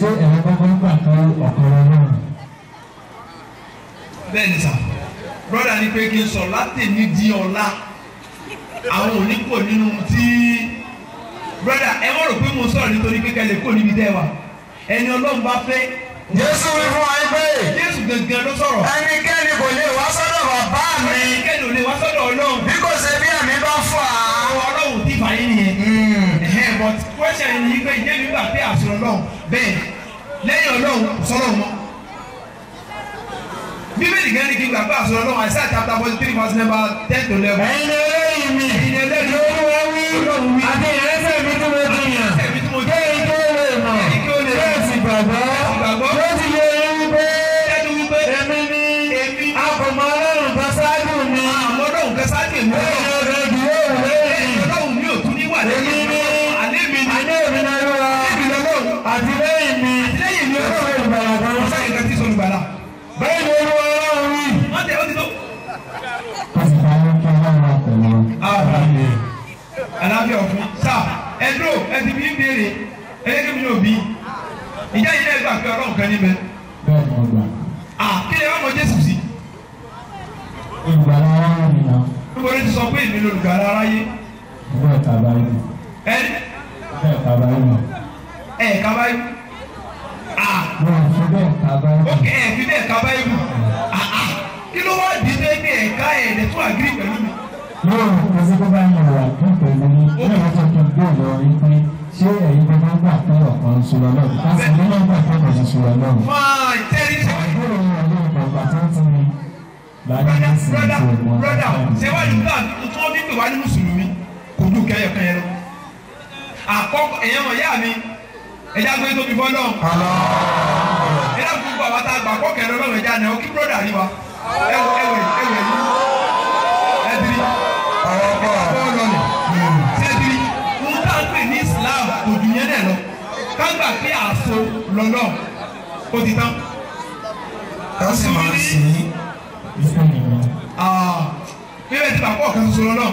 ṣé ẹ̀rọ gbọ́gbọ́n gbà pé ọ̀kan wọn náà. bẹ́ẹ̀ ni sà brọ́dà ni pé kí n sọ̀rọ̀ látẹ̀mí di ọ̀la àwọn onípò nínú tí brọ́dà ẹ wọ́n rò pé mo sọ̀rọ̀ nítorí pé kẹlẹ̀ kò níbi dẹ́wà ẹni ọlọ́run bá fẹ́. jésù wí fún wa pé jésù gangan ló sọ̀rọ̀. ẹnikẹ́ni kò lè wá sọ́dọ̀ bàbá mi. ẹnikẹ́ni ò lè wá sọ́dọ̀ ọlọ́run. bí kò ṣe bí àmì bá fà á. ọlọ́run ti fà yín nìyẹn. Hmm. but question yìí pé ìjẹ́bi gbà pé àṣọ ọlọ́run bẹ́ẹ̀ lẹ́yìn ọlọ́run sọ̀rọ̀ mọ́ bíbélì gẹ́gẹ́ ni kí n gbàgbé àsọ̀rọ̀ náà àìsàn chapter forty three verse number ten to eleven. ẹ̀yin ẹlẹ́yìn mi ìdílé lórí. Ọlọ́run ti sọ pé èmi lolùgbàlà aráyé. bẹ́ẹ̀ ká báyìí. ẹ bẹ́ẹ̀ ká ẹ ká báyìí. ah wọ́n fi bẹ́ẹ̀ ká báyìí. ok ẹ fi bẹ́ẹ̀ ká báyìí ah ah kí ló wá di dé ní ẹ̀ka ẹ̀ lè tún àgírí pẹ̀lú mi. yóò ẹ ṣe kó bá yẹn wà fún pẹ̀lú mi yóò wá sọ kí n gbé pé ṣé ẹ̀yin bá bá gbà pé ọ̀kan ṣoṣo lọ́wọ́ brother brother brother ṣé wàá nígbà tó ní pè wá ní mùsùlùmí kò dùn kẹyọ kẹyọ lọ àkọ́kọ́ èèyàn mọ̀ yá mi ẹ̀yà gbé tóbi bọ́ náà ẹ̀yà gbogbo àwọn tá a gbà kọ́ kẹrẹ lọ́wọ́ ẹ̀já náà kí brother yìí wa ẹ̀wẹ̀ ẹ̀wẹ̀ ẹ̀wẹ̀ yìí ẹ̀dìrí bọ́ọ̀lù ọ̀nà ẹ̀dìrí wọn tá a pè ní Islam kò dùn yẹn náà lọ ká gbà pé àṣọ lọ́nà ó ti tán. ká sì máa sìn ín. ọ̀kan ṣoṣo lọ́lọ́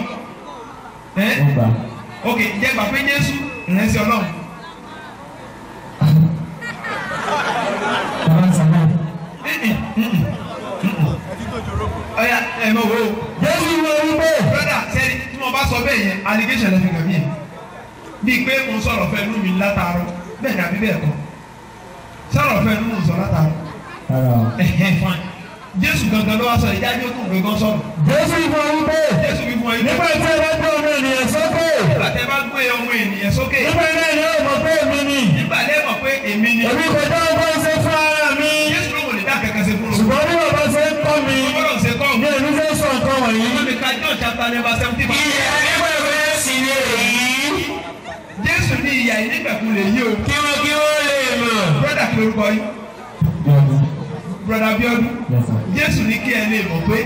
ẹ́ ok jẹ́ gbà pé Jésù ìrẹsì Ọlọ́run. ọ̀ya ẹ̀ mọ̀ wo. Jésù wọ wípé. brother sẹ́ni tí mo bá sọ bẹ́ẹ̀ yẹn allegation ẹ̀ fi kàn mí yẹn bíi pé mo sọ̀rọ̀ fẹ́ nú mi látàárọ̀ bẹ́ẹ̀ ni àbí bẹ́ẹ̀ kọ́ sọ̀rọ̀ fẹ́ nú mo sọ̀rọ̀ látàárọ̀ ẹ̀hẹ́ fine jésù gangan ló wá sọ ìdájọ́ tó gbẹ̀gbọ́n sọ̀rọ̀. jésù fún ọ wípé. jésù fún ọ wípé. nígbà tí ẹ bá gbé ọmọ ènìyàn sókè. nígbà tí ẹ bá gbé ọmọ ènìyàn sókè. nígbà tí ẹ yóò mọ̀ pé èmi ni. nígbà tí ẹ mọ̀ pé èmi ni. èmi kò dá ọgbọ́n ṣe fún ara mi. jésù ló wò lè dá kẹ̀kẹ́ ṣe fún ọ. ṣùgbọ́n bí bàbá ṣe ń kọ́ mi. ọgbọ́n ṣe kọ́ mi. mi ò ní sọ nǹkan wọ̀nyí. ọmọ mi ka jọ́ chapter number seventeen. ìyá ẹgbẹ́ rẹ̀ sì ni èyí. jésù ní ìyá ìnígbàkulè yìí o. kí wọ́n kí wọ́n lè mọ̀. brọ́dà kí orúkọ yìí broda Bíọ́dún Jésù ní kí ẹ lè mọ̀ pé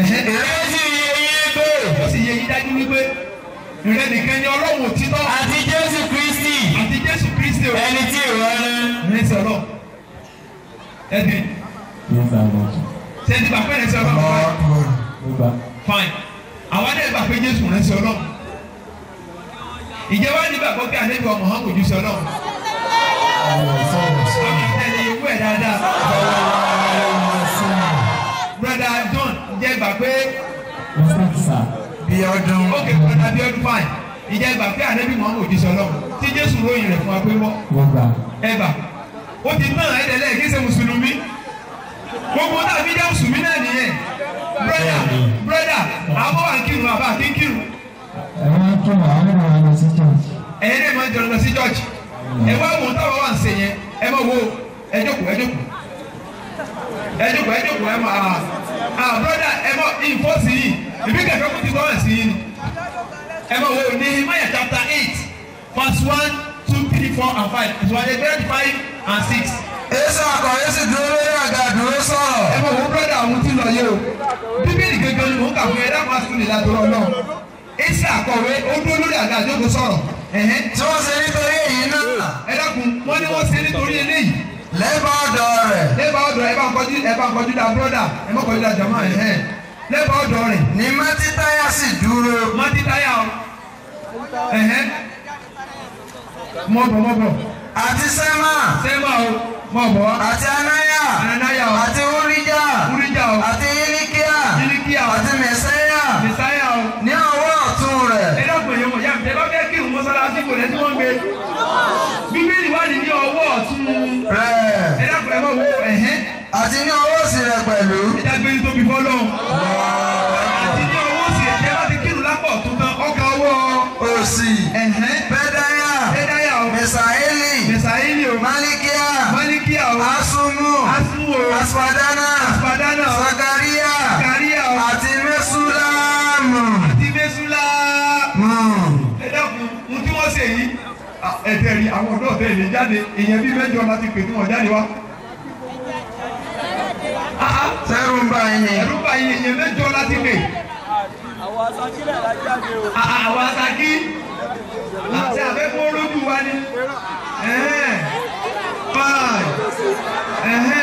ìrẹ́ sì yé yín pé ó sì yé yín dájú wípé ìrẹ́ nìkan ni Ọlọ́run òtítọ́ àti Jésù Kristi àti Jésù Kristi ẹni tí ìwọ rán ní sọ̀rọ̀ ẹ̀dín sẹ́ni bàbá rẹ̀ sọ̀rọ̀ ọ̀rọ̀ fine àwọn adé bàbá pé Jésù rẹ̀ sọ̀rọ̀ ìjẹ́ wá ní bàbá pé àlejò ọmọ hàn kò ju sọ̀rọ̀ àmì ìtẹ̀lẹ̀ ìwé dáadáa. ìgbà pé bí ọdún ókè kọ́nà bí ọdún fáìn ìjẹ́ ìgbà pé ànábì mọ́ òjíṣẹ́ ọlọ́run tí jésù ròyìn rẹ̀ fún wa pé wọ́n ẹ̀bà ó ti tán ẹ̀dẹ̀lẹ̀ kí ṣe mùsùlùmí verse one two three four and five ìwádìí grade five and six. èsì àkọ́yé sì dúró lórí àga ìdúró sọ̀rọ̀. ẹ mọ̀ wọ́n búrọ́dà àwọn tí lọ yé o bíbélì gẹ́gẹ́ ni mò ń kà fún ẹ̀dá máa sùn nílá dúró náà èsì àkọ́wé ó dúró lórí àga ìjókòó sọ̀rọ̀. tí wọ́n ṣe nítorí èyí náà. ẹ dákun wọ́n ní wọ́n ṣe nítorí eléyìí. lẹ́bà ọ̀dọ̀ rẹ̀. lẹ́bà ọ̀dọ̀ ẹ ẹ bá kọjú da búrọ́dà ẹ má kọjú da jàmá ẹ̀ lẹ́bà ọ̀dọ̀ rẹ̀. ni mọ́títáyà sì dúró. mọ́títáyà mọ̀bọ̀ mọ̀bọ̀. àti sẹ́mà. sẹ́mà o mọ̀bọ̀. àti anáyà. anáyà o. àti wúríjà. wúríjà o. àti yíníkíà. yíníkíà o. àti mẹ̀sáyà. mẹ̀sáyà o. ní ọwọ́ ọ̀tún rẹ̀. ẹ dọ́gbọ̀n yẹn mọ̀ yá mi. ẹ bá fẹ́ kí n mọ́sálásí kò lẹ́sí wọ́n gbé. bíbélì wà ní ọwọ́ ọ̀tún. rẹ̀. ẹ dọ́gbọ̀n yẹn mọ̀ wọ àti ní ọwọ́ òsì rẹ̀ pẹ̀lú. ẹ dàgbé ní tóbi fọlọ́. àti ní ọwọ́ òsì rẹ̀ tẹ́ kírun lápọ̀ tó ọkà ọwọ́. òsì. bẹ́ẹ̀ aswadana aswadana sakaria sakaria àti mesulamu àti mesulamu. Hmm. ẹ dákun ohun tí wọ́n ṣe yìí ẹ̀tẹ̀ rí àwọn ọ̀dọ́ ọ̀tẹ̀ lè jáde ìyẹn bí mẹ́jọ láti pè tí wọ́n jáde wá. Ah, ah. sẹ́rù ń bá yín. ẹ̀rù ń bá yín ìyẹn mẹ́jọ láti pè. àwọn asakí lè la jáde o. Ah, àwọn asakí àti abẹ́kọ́ olójú wa ni. five.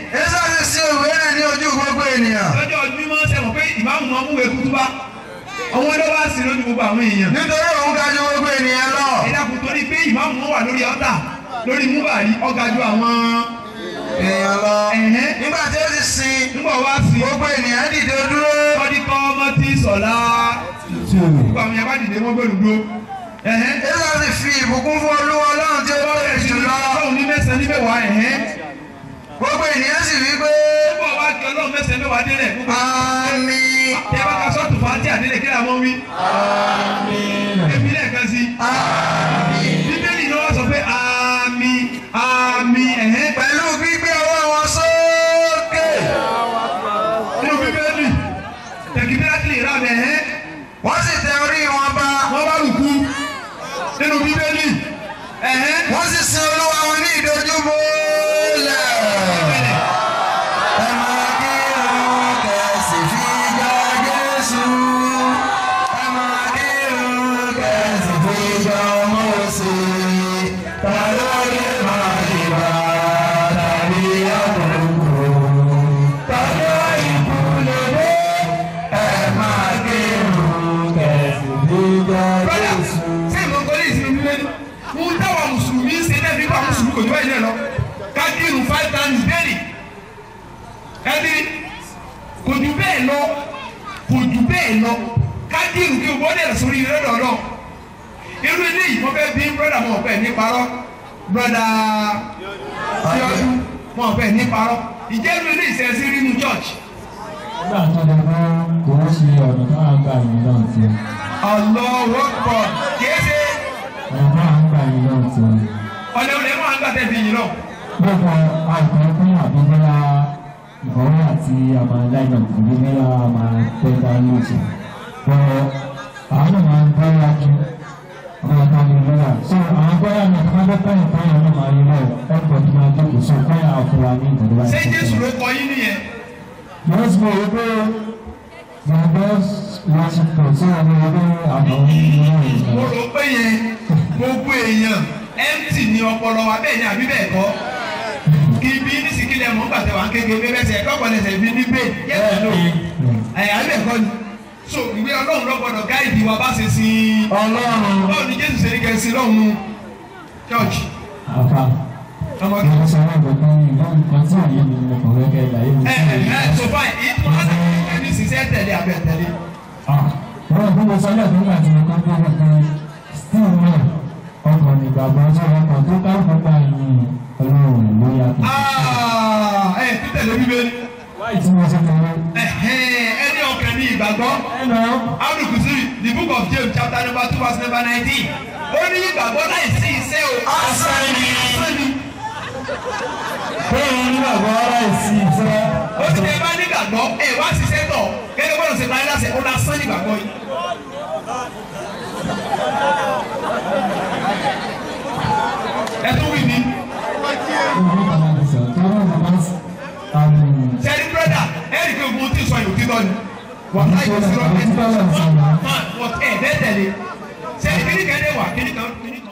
Israẹli sí òwe náà ní ojú gbogbo ènìyàn. Lọ́jọ́ ọdún mímọ́ ṣe mọ̀ pé ìmáàmù máa mú wẹ̀kú bá. Àwọn ló wá sí lójú gbogbo àwọn èèyàn. Nítorí òun ga ju gbogbo ènìyàn lọ. Ìdàkùn torí pé ìmáàmù wọn wà lórí ọ́tà lórí múbàrí ọ̀gá ju àwọn èèyàn lọ. Nígbà tí ó ti sin. Nígbà wá sí. Gbogbo ènìyàn dìde dúró. Wọ́n kọ́ ọmọ tí sọ̀lá. Gbogbo àwọn yẹn bá dìde wọ́n gbẹ̀rù dúró. Israẹli fi ìbùkún fún Olúwa Ọlọ́run tí ó bá rẹ̀ jù lọ. Ọlọ́run ní mẹ́sàn-án níbẹ̀ gbogbo ènìyàn sì wí pé. bó o wá kí ọlọ́run mẹ́sẹ̀ mẹ́wàá délẹ̀. ẹ bá ka sọ́ọ̀tù fàájì àdélé kí làwọn wí. àmín. èmi lẹ́ẹ̀kan sí. àmín. bíbélì ni wọ́n sọ pé àmín àmín ẹ̀hẹ́. pẹ̀lú gbígbé ọwọ́ wọn sókè. nínú bíbélì tẹ̀kí bí láti lè wọ́n sì kò jù bẹ́ẹ̀ lọ kò jù bẹ́ẹ̀ lọ kádìrú kí wọ́n dẹ̀ sórí lọ́dọọdọ irú eléyìí wọ́n fẹ́ bí brọ́dà wọn ọ̀fẹ́ ní parọ́ brọ́dà tíọ́dú wọn ọ̀fẹ́ ní parọ́ ìjẹ́ irú eléyìí sẹ́ sí rínú church. nígbà tó lè bá kò ń ṣe ọ̀nà tó à ń gbà yín náà ti. ọlọ́wọ́ pọ̀ kéde. ọ̀nà tó à ń gbà yín náà ti. ọ̀nà òde máa ń gbà tẹ̀ bí yín náà. bẹ́ẹ̀ ni àìsàn fún àbíbọ́lá nǹkan wọn àti àmà láìpẹ́ òkùnrin mẹ́ra àmà pẹ́ta ní ìjà ọ̀rọ̀ àwọn náà máa ń bára ju àwọn àtàwọn ìlera so àwọn agbára náà ká bọ́ táyà táyà náà máa yọ ọkọ̀ tó máa dókò so táyà àfúrà ní ìgbàlúwà ìṣẹ́ ṣe jésù ló kọ yín nìyẹn. wọ́n ti mọ̀ wípé gbàgbọ́ láti pọ̀ sí àwọn ẹgbẹ́ àbáwọn ìlera ìgbà. mo rò pé gbogbo èèyàn lẹ mọ gbàtẹ wà kékeré bẹsẹ lọpọlẹsẹ bí ní bẹ yẹ ẹ lò ẹ alẹ kọ ni so ìwé Ọlọ́run ló gbọ́dọ̀ gáìdì wa bá ṣe sí Ọlọ́run báwo ni Jésù ṣe ní kẹsì lọhùnún church. àfa ọmọ kí ló sọ wọn bọ pé ìbọn kan tí àyè mi mo kàn wẹ́kẹ́ ìyá yìí. ẹ ẹ ẹ so fine ìtú wọn ti kí ẹni sì ṣe é tẹ̀lé abẹ́ tẹ̀lé. ọ̀rọ̀ bí mo sọ lẹ́ẹ̀kan nígbà tí mo kọ́ bí wọ́n kan still náà ọkàn ìgbàgbọ́ sọ̀rọ̀ ọkàn tó ká fọ́gbà yìí Ọlọ́run ló yàtọ̀ títẹ̀lé bíbélì. ẹni ọkàn ní ìgbàgbọ́ alùpùpù the book of James chapter number two verse number nineteen ó ní ìgbàgbọ́ láì sí iṣẹ́ o. asán ni bẹ́ẹ̀ ni ìgbàgbọ́ láì sí iṣẹ́. ó ti dẹ́ bá nígbàgbọ́ ẹ̀ wá ṣiṣẹ́ tọ̀ kẹ́kẹ́ bọ́lá ṣe parí láṣẹ ó lásán nígbàgbọ́ yìí. ẹ tún wí ni. This spiritual ìlú kíkọ́ ni wà láì lọ sí rọ́ọ̀kì ẹ̀sìn wọ́n ẹ̀ bẹ́ẹ̀ tẹ̀lé ṣe kíníkan lè wà kíníkan kíníkan.